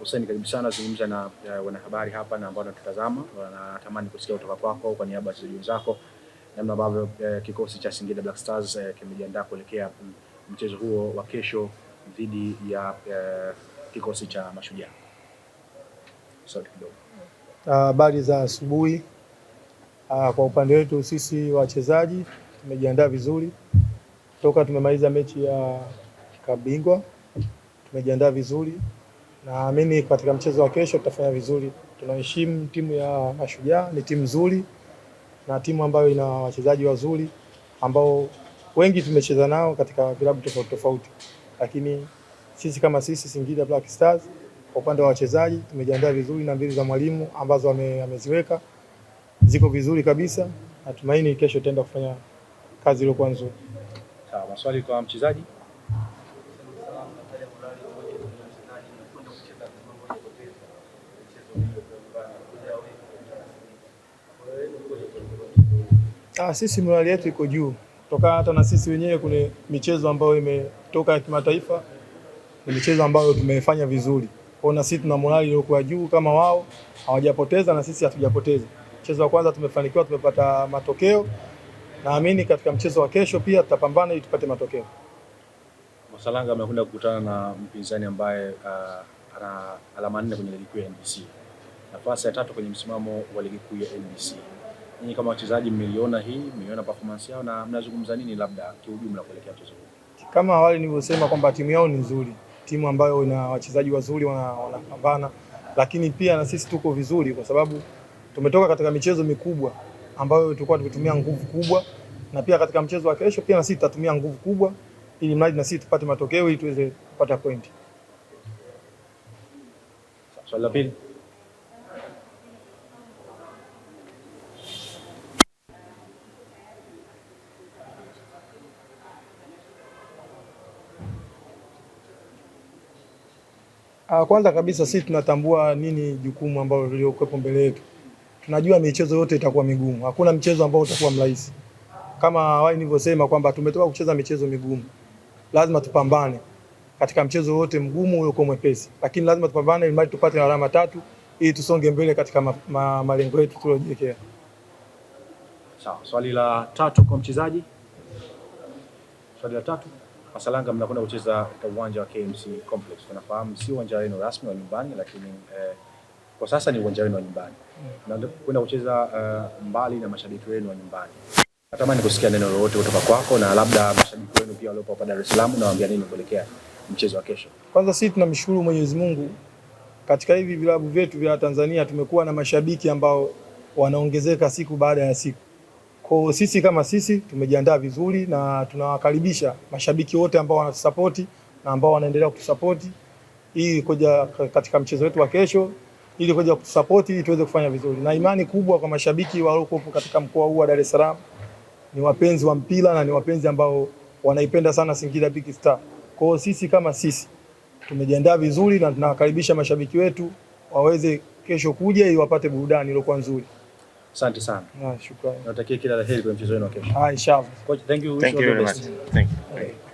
Hussein, karibu sana, zungumza na uh, wanahabari hapa na ambao wanatutazama, wanatamani kusikia kutoka kwako kwa niaba ya wachezaji wenzako namna ambavyo uh, kikosi cha Singida Black Stars uh, kimejiandaa kuelekea mchezo huo wa kesho dhidi ya uh, kikosi cha Mashujaa. Sauti kidogo. Habari uh, za asubuhi. Uh, kwa upande wetu sisi wachezaji tumejiandaa vizuri toka tumemaliza mechi ya kabingwa, tumejiandaa vizuri Naamini katika mchezo wa kesho tutafanya vizuri. Tunaheshimu timu ya Mashujaa, ni timu nzuri na timu ambayo ina wachezaji wazuri ambao wengi tumecheza nao katika vilabu tofauti tofauti, lakini sisi kama sisi Singida Black Stars kwa upande wa wachezaji tumejiandaa vizuri na mbili za mwalimu ambazo ame, ameziweka ziko vizuri kabisa. Natumaini kesho tutaenda kufanya kazi iliyokuwa nzuri. Sawa, maswali kwa mchezaji. Ah, sisi morali yetu iko juu kutokana hata na sisi wenyewe kuna michezo ambayo imetoka ya kimataifa, ni michezo ambayo tumefanya vizuri hiyo na sisi tuna morali iliyokuwa juu kama wao. Hawajapoteza na sisi hatujapoteza. Mchezo wa kwanza tumefanikiwa, tumepata matokeo. Naamini katika mchezo wa kesho pia tutapambana ili tupate matokeo. Masalanga amekwenda kukutana na mpinzani ambaye uh, ana alama nne kwenye ligi kuu ya NBC, nafasi ya tatu kwenye msimamo wa ligi kuu ya NBC nyinyi kama wachezaji mmeliona hii, mmeiona performance yao na mnazungumza nini labda kiujumla kuelekea mchezo huu? Kama awali nilivyosema kwamba timu yao ni nzuri, timu ambayo ina wachezaji wazuri wanapambana, lakini pia na sisi tuko vizuri kwa sababu tumetoka katika michezo mikubwa ambayo tulikuwa tukitumia nguvu kubwa, na pia katika mchezo wa kesho pia na sisi tutatumia nguvu kubwa, ili mradi na sisi tupate matokeo ili tuweze kupata pointi. Swali la pili. Ah, kwanza kabisa sisi tunatambua nini jukumu ambalo liliokuwepo mbele yetu. Tunajua michezo yote itakuwa migumu, hakuna mchezo ambao utakuwa mrahisi. Kama wao nilivyosema kwamba tumetoka kucheza michezo migumu, lazima tupambane katika mchezo wote mgumu uliokuwa mwepesi, lakini lazima tupambane ili tupate alama tatu ili tusonge mbele katika ma ma malengo yetu tuliojiwekea. Sawa, swali la tatu kwa mchezaji, swali la tatu. Masalanga mnakwenda kucheza katika uwanja wa KMC Complex. Tunafahamu si uwanja wenu rasmi wa nyumbani, lakini eh, kwa sasa ni uwanja wenu wa nyumbani na kwenda kucheza uh, mbali na mashabiki wenu wa nyumbani. Natamani kusikia neno lolote kutoka kwako na labda mashabiki wenu pia waliopo hapa Dar es Salaam, nawaambia nini kuelekea mchezo wa kesho? Kwanza sisi tunamshukuru Mwenyezi Mungu, katika hivi vilabu vyetu vya Tanzania tumekuwa na mashabiki ambao wanaongezeka siku baada ya siku kwa sisi kama sisi tumejiandaa vizuri na tunawakaribisha mashabiki wote ambao wanatusapoti na ambao wanaendelea kutusapoti ili kuja katika mchezo wetu wa kesho, ili kuja kutusapoti ili tuweze kufanya vizuri, na imani kubwa kwa mashabiki waliokuwepo katika mkoa huu wa Dar es Salaam ni wapenzi wa mpira na ni wapenzi ambao wanaipenda sana Singida Big Star. Kwa sisi kama sisi tumejiandaa vizuri na tunawakaribisha mashabiki wetu waweze kesho kuja ili wapate burudani iliyokuwa nzuri. Asante sana. Na ah, shukrani. Natakia kila la heri kwenye mchezo wenu wa kesho. Ah, inshallah. Coach, thank you. Thank you very much. Thank you.